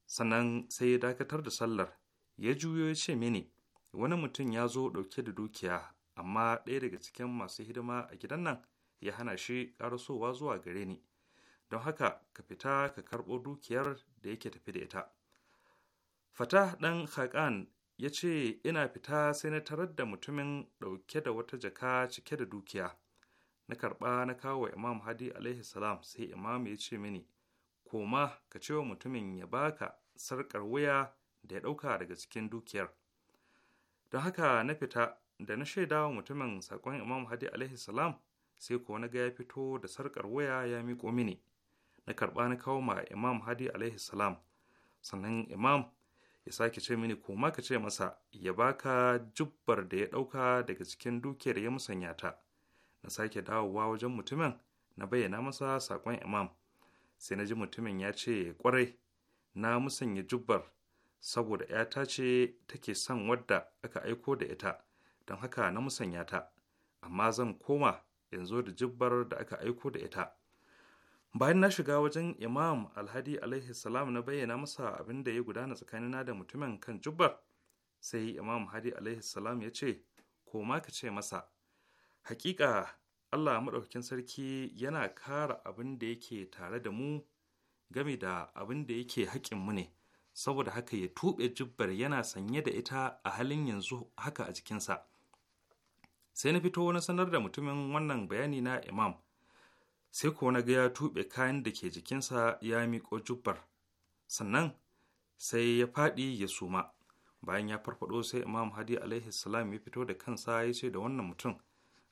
sannan sai ya dakatar da sallar ya juyo ya ce mini wani mutum ya zo ɗauke da dukiya amma ɗaya daga cikin masu hidima a gidan nan ya hana shi ƙarasowa zuwa gare ni don haka ka fita ka karɓo dukiyar da yake tafi da ita fata ɗan haƙan ya ce ina fita sai na tarar da mutumin ɗauke da wata jaka cike da dukiya na karɓa na kawo imam hadi alaihi salam sai imam ya ce mini koma ka ce wa mutumin ya baka sarƙar wuya da ya ɗauka daga cikin dukiyar don haka na fita da na shaida wa mutumin saƙon imam hadi alaihi salam sai kowa na ga ya fito da sarƙar waya ya miƙo mini na karɓa na kawo ma imam hadi alaihi salam sannan imam ya sake ce mini koma ka ce masa ya baka jubbar da ya ɗauka daga cikin dukiyar ya musanya ta na sake dawowa wajen mutumin na bayyana masa sakon imam sai na ji mutumin ya ce kwarai na musanya jubbar saboda ‘yata ce take son wadda aka aiko da ita don haka na musanya ta amma zan koma yanzu da jubbar da aka aiko da ita bayan na shiga wajen imam alhadi alaihi salam na bayyana masa abin da ya gudana tsakanina da mutumin kan jubbar sai imam hadi alaihi salam ya ce koma ka ce masa hakika allah maɗaukakin sarki yana kara abin da yake tare da mu game da abin da yake mu ne saboda haka ya tuɓe jubbar yana sanye da ita a halin yanzu haka a jikinsa sai na fito na sanar da mutumin wannan bayani na imam sai ko na ga ya tuɓe kayan da ke jikinsa ya miƙo jubbar sannan sai ya faɗi ya suma bayan ya farfaɗo, sai imam hadi alaihi salam ya fito da kansa ya ce da wannan mutum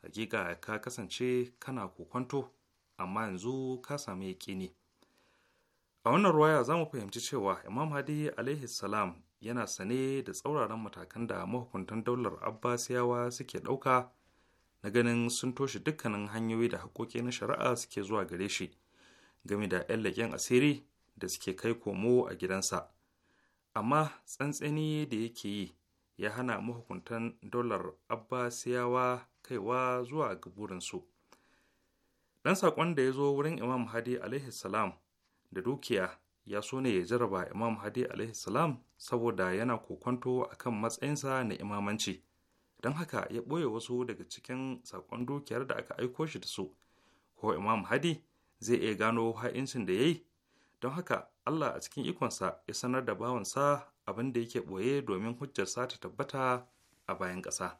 hakika ka kasance kana kokwanto amma yanzu ka sami yaƙini a wannan ruwaya za mu fahimci cewa imam hadi alaihi salam yana sane da tsauraran matakan da mahukuntan daular abbasiyawa suke ɗauka na ganin sun toshe dukkanin hanyoyi da haƙoƙi na shari'a suke zuwa gare shi game da 'yan leƙen asiri da suke kai komo a gidansa amma tsantseni da yake yi ya hana mahukuntan dolar abbasiyawa kaiwa zuwa ga burinsu ɗan saƙon da ya zo wurin imam hadi alaihi salam da dukiya ya so ne ya jarraba imam hadi alaihi salam saboda yana kokonto kan matsayinsa na imamanci don haka ya ɓoye wasu daga cikin saƙon dukiyar da aka aiko shi da su ko imam hadi zai iya gano ha'incin da ya yi don haka allah a cikin ikonsa ya sanar da bawansa abin da yake ɓoye domin hujjarsa ta tabbata a bayan ƙasa.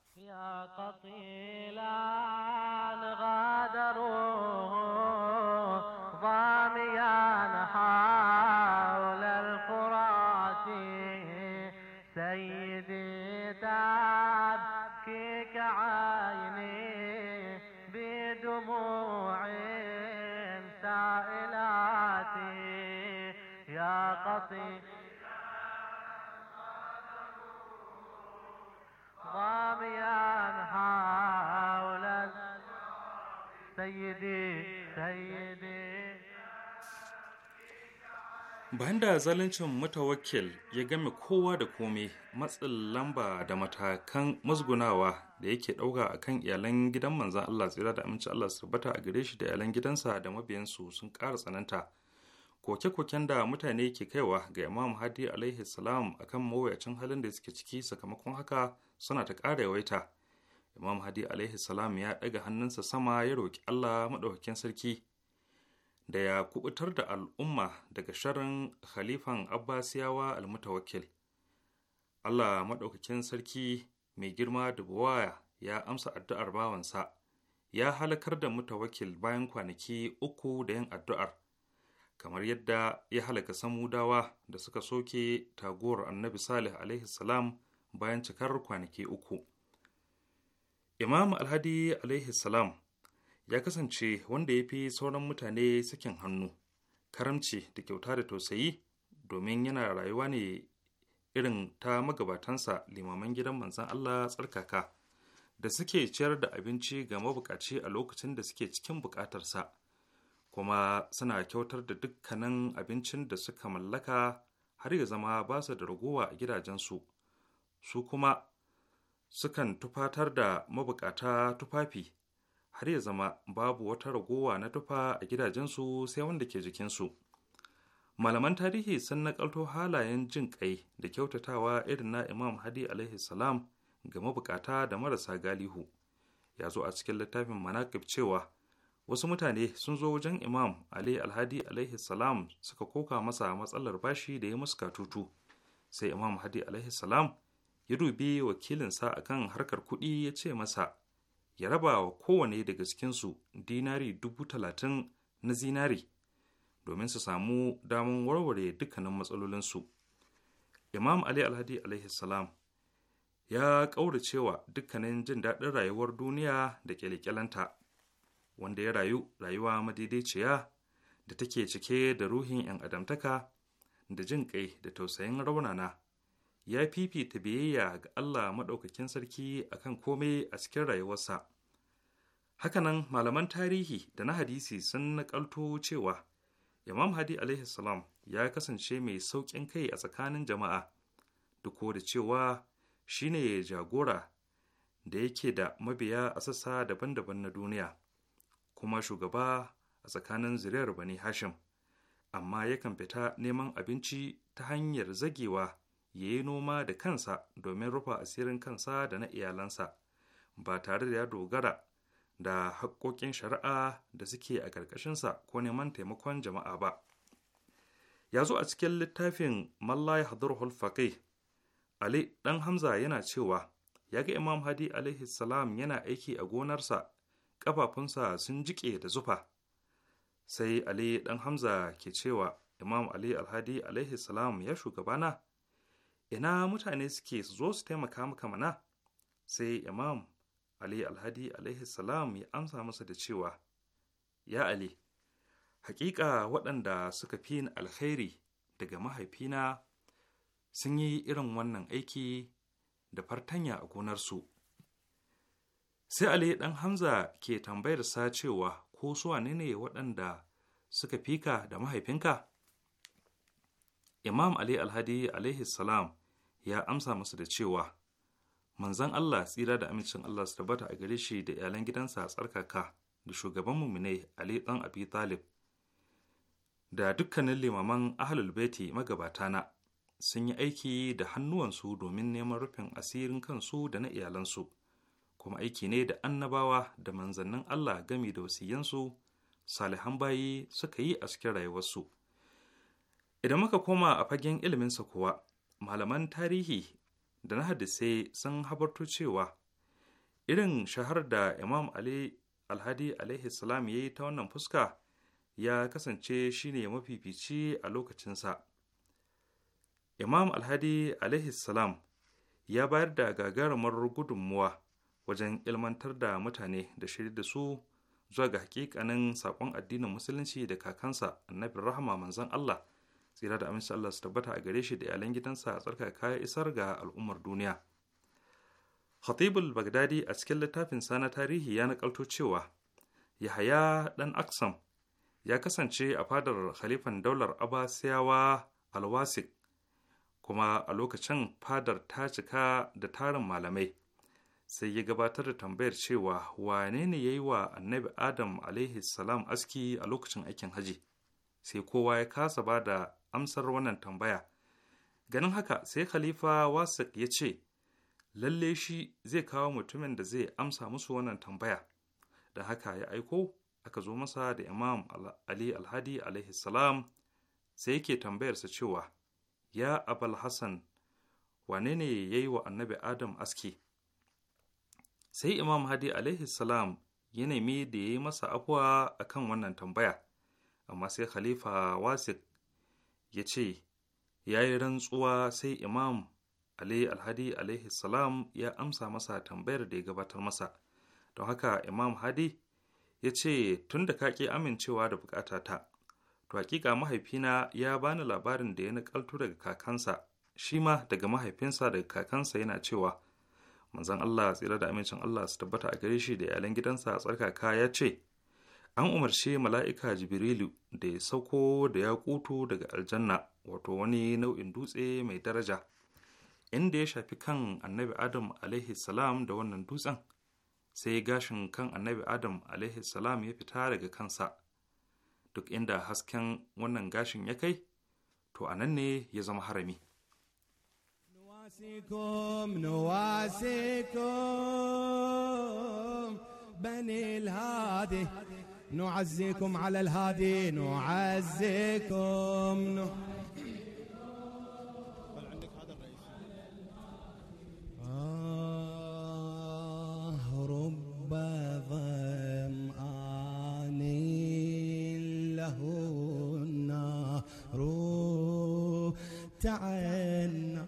bayan da zaluncin mutawakkil ya game kowa da komai matsin lamba da matakan musgunawa da yake ɗauka a kan iyalan gidan manzan Allah tsira da aminci Allah su tabbata a gare shi da iyalan gidansa da mabiyansu sun ƙara tsananta koke-koken da mutane ke kaiwa ga imam hadi alaihi salam akan mawuyacin halin da suke ciki sakamakon haka suna ta ƙara yawaita imam hadi alaihi salam ya ɗaga hannunsa sama ya roƙi allah maɗaukakin sarki da ya kubutar da al'umma daga sharin khalifan abbasiyawa almutawakkil allah maɗaukakin sarki mai girma da buwaya ya amsa addu'ar bawansa ya halakar da mutawakil bayan kwanaki uku da yin addu'ar kamar yadda ya halaka samudawa da suka soke taguwar annabi salih alaihi salam bayan cikar kwanaki uku imam alhadi alaihi salam ya kasance wanda ya fi sauran mutane sakin hannu karamci da kyauta da tausayi domin yana rayuwa ne irin ta magabatansa limaman gidan manzan allah tsarkaka da suke ciyar da abinci ga mabukaci a lokacin da suke cikin bukatarsa kuma suna kyautar da dukkanin abincin da suka mallaka har ya zama ba su da ragowa a gidajensu su kuma sukan tufatar da mabukata tufafi har ya zama babu wata ragowa na tufa a gidajensu sai wanda ke jikinsu malaman tarihi sun nakalto halayen jin ƙai da kyautatawa irin na imam hadi alaihi salam ga mabukata da marasa galihu ya zo a cikin littafin manakib cewa wasu mutane sun zo wajen imam ali alhadi alaihi salam suka koka masa matsalar bashi da ya muska tutu, sai imam hadi alaihi salam ya dubi wakilinsa a kan harkar kuɗi ya ce masa ya raba wa kowane daga cikinsu dinari dubu talatin na zinari domin su samu damar warware dukkanin matsalolinsu imam ali alhadi alaihi salam ya ƙauracewa dukkanin jin daɗin rayuwar duniya da ƙyalƙyalanta wanda ya rayu rayuwa madaidaiciya da take cike da ruhin 'yan adamtaka da jin ƙai da tausayin raunana ya fifita biyayya ga Allah maɗaukakin sarki akan komai a cikin rayuwarsa. Hakanan malaman tarihi da na hadisi sun naƙalto cewa Imam Hadi alaihi salam ya kasance mai sauƙin kai a tsakanin jama'a, duk da cewa shi ne jagora da yake da mabiya a sassa daban-daban na duniya, kuma shugaba a tsakanin zuriyar Bani Hashim, amma yakan fita neman abinci ta hanyar zagewa ya yi noma da kansa domin rufa asirin kansa da na iyalansa ba tare da ya dogara da haƙƙoƙin shari'a da suke a ƙarƙashinsa ko neman taimakon jama'a ba ya zo a cikin littafin mallai hadurhul faqih ali ɗan hamza yana cewa ya ga imam hadi alaihi salam yana aiki a gonarsa ƙafafunsa sun jiƙe da zufa sai ali ɗan hamza ke cewa imam ali alhadi alaihi salam ya shugabana ina mutane suke su zo su taimaka maka mana sai imam ali alhadi alaihi salam ya amsa masa da cewa ya ali hakika waɗanda suka fi ni alkhairi daga mahaifina sun yi irin wannan aiki da fartanya a gonarsu sai ali ɗan hamza ke tambayar sa cewa ko su ne waɗanda suka fika da mahaifinka Imam Ali Alhadi alaihi salam ya amsa masa da cewa manzon Allah tsira da amincin Allah su tabbata a gare shi da iyalan gidansa a tsarkaka da shugaban muminai Ali dan Abi Talib da dukkanin limaman ahlul baiti na sun yi aiki da hannuwansu domin neman rufin asirin kansu da na iyalansu kuma aiki ne da annabawa da manzannin Allah gami da wasiyansu salihan bayi suka yi a cikin rayuwarsu Idan muka koma a fagen iliminsa kuwa, malaman tarihi da na hadisai sun habarto cewa irin shahar da Imam Ali Alhadi alaihi salam ya yi ta wannan fuska ya kasance shine mafifici a lokacinsa. Imam Alhadi alaihi salam ya bayar da gagarumar gudunmuwa wajen ilmantar da mutane da shirya da su zuwa ga hakikanin saƙon addinin musulunci da kakansa Annabi, rahama manzon Allah tsira da amince Allah su tabbata a gare shi da iyalan gidansa a tsarkaka ya isar ga al'ummar duniya khatibul bagdadi a cikin littafin sa na tarihi ya nakalto cewa yahaya dan aksam ya kasance a fadar khalifan daular Abbasiyawa alwasik kuma a lokacin fadar ta cika da tarin malamai sai ya gabatar da tambayar cewa wane ne ya yi wa annabi adam alaihi aski a lokacin aikin haji sai kowa ya kasa ba da amsar wannan tambaya ganin haka sai khalifa wasik ya ce lalle shi zai kawo mutumin da zai amsa musu wannan tambaya da haka ya aiko aka zo masa da imam ali alhadi alaihi salam sai yake tambayarsa cewa ya abal hassan wane ne ya yi wa annabi adam aski sai imam hadi alaihi salam ya nemi da ya yi masa afuwa akan wannan tambaya amma sai khalifa wasik ya ce ya yi rantsuwa sai imam ali alhadi alaihi salam ya amsa masa tambayar da ya gabatar masa don haka imam hadi ya ce tun da ka amincewa da ta? to hakika mahaifina ya bani labarin da ya nakaltu daga kakansa shi ma daga mahaifinsa daga kakansa yana cewa Manzan Allah tsira da amincin Allah su tabbata a gare shi da iyalan gidansa a tsarkaka ya ce an umarci mala'ika jibrilu da ya sauko da ya kuto daga aljanna wato wani nau'in dutse mai daraja inda ya shafi kan annabi adam salam da wannan dutsen sai gashin kan annabi adam salam ya fita daga kansa duk inda hasken wannan gashin ya kai to a nan ne ya zama harami بني نعزيكم على الهادي نعزيكم نح... عندك هذا الرئيس رب ظمآن له النار تعن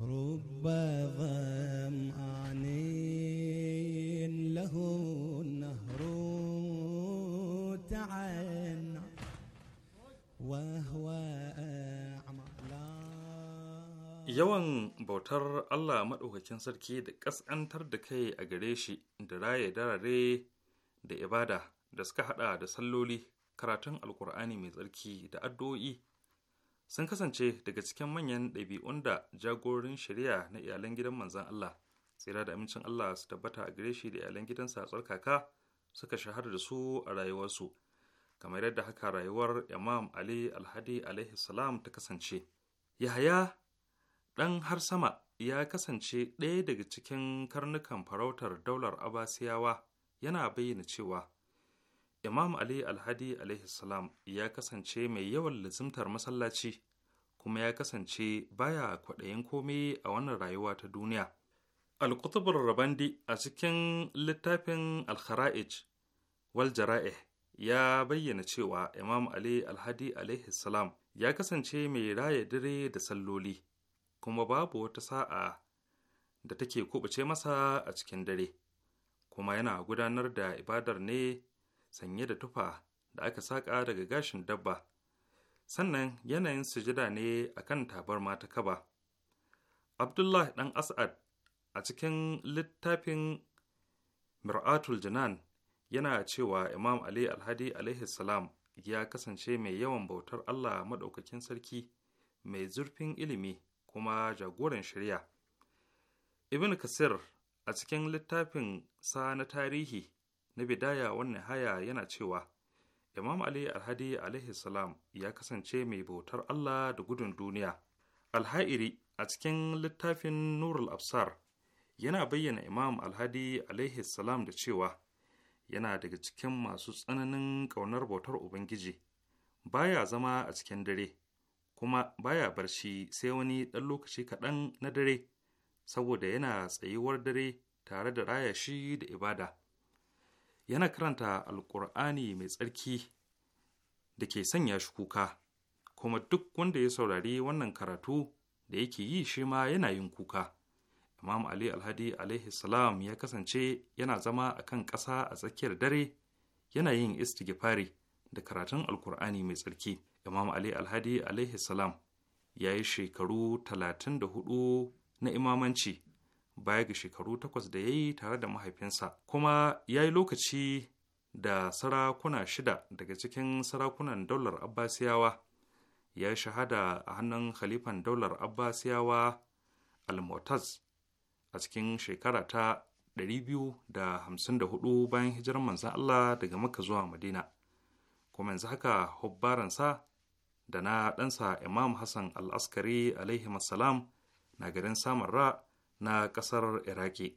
رب ظمآن yawan bautar allah maɗaukakin sarki da ƙasƙantar da kai a gare shi da raye darare da ibada da suka haɗa da salloli karatun alkur'ani mai tsarki da addu'o'i sun kasance daga cikin manyan ɗabi'un da jagorin shari'a na iyalan gidan manzan allah tsira da amincin allah su tabbata a gare shi da iyalan gidansa a tsarkaka suka shahara da su a rayuwarsu kamar yadda haka rayuwar imam ali alhadi alaihi salam ta kasance yahaya ɗan har sama ya kasance ɗaya daga cikin karnukan farautar daular abasiyawa yana bayyana cewa imam ali alhadi alaihi salam ya kasance mai yawan lizimtar masallaci kuma ya kasance baya kwaɗayin komai a wannan rayuwa ta duniya alkutubar rabandi a cikin littafin alkhara'ij wal jara'ih ya bayyana cewa imam ali alhadi alaihi salam ya kasance mai raya dire da salloli kuma babu wata sa'a da take kubuce masa a cikin dare kuma yana gudanar da ibadar ne sanye da tufa da aka saƙa daga gashin dabba sannan yanayin sujada ne a kan tabarma ta kaba abdullahi ɗan as'ad a cikin littafin mir'atul janan yana cewa imam ali alhadi alaihi salam ya kasance mai yawan bautar allah maɗaukakin sarki mai zurfin ilimi kuma jagoran shirya ibn kasir a cikin littafin sa na tarihi na bidaya wannan haya yana cewa imam ali alhadi alaihi salam ya kasance mai bautar allah da gudun duniya alha'iri a cikin littafin nurul absar yana bayyana imam alhadi alaihi salam da cewa yana daga cikin masu tsananin ƙaunar bautar ubangiji baya zama a cikin dare kuma baya barci sai wani ɗan lokaci kaɗan na dare saboda yana tsayuwar dare tare da raya shi da ibada yana karanta Alƙur'ani mai tsarki da ke sanya shi kuka kuma duk wanda ya saurari wannan karatu da yake yi shi ma yana yin kuka imam ali alhadi alaihi salam ya kasance yana zama a kan ƙasa a tsakiyar dare yana yin istighfari da karatun Alƙur'ani mai tsarki imam ali alhadi alaihi salam ya yi shekaru 34 na imamanci baya ga shekaru takwas da ya yi tare da mahaifinsa kuma ya yi lokaci da sarakuna shida daga cikin sarakunan daular abbasiyawa ya yi shahada a hannun khalifan daular abbasiyawa al-mu'taz a cikin shekara ta hudu, bayan hijirar manzan Allah daga maka zuwa Madina. Kuma yanzu haka hubbaransa da na ɗansa imam hassan al-askari alaihi na garin samarra na ƙasar iraki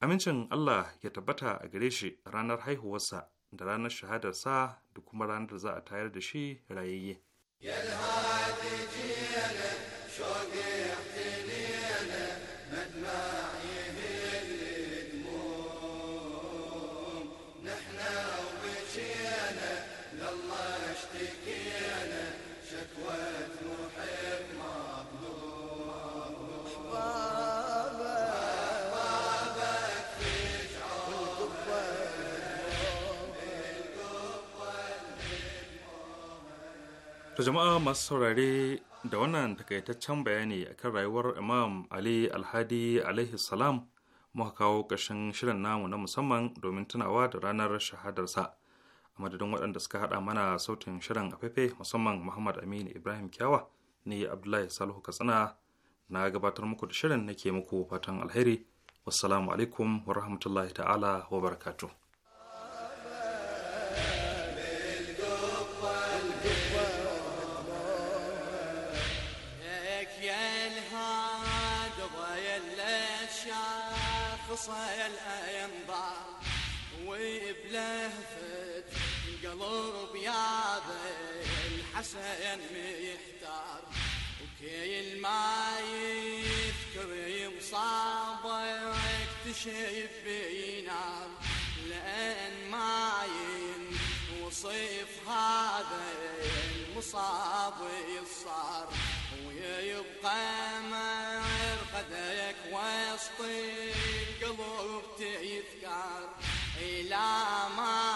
amincin allah ya tabbata a gare shi ranar haihuwarsa da ranar shahadarsa da kuma ranar da za a tayar da shi rayayye. ta jama'a masu saurare da wannan takaitaccen bayani akan rayuwar imam ali alhadi alaihi salam muka kawo ƙarshen shirin namu na musamman domin tunawa da ranar shahadarsa a madadin waɗanda suka haɗa mana sautin shirin a musamman muhammad aminu ibrahim kyawa ne abdullahi salihu katsina na gabatar muku da shirin nake muku fatan alheri wassalamu alaikum wa rahmatullahi ta'ala wa barakatuh يا الحسن محتار وكيل ما يذكر مصابه يكتشف بينار لأن ما ينوصف هذا المصاب الصار ويبقى مر خدك وسط القلوب تذكر إلى ما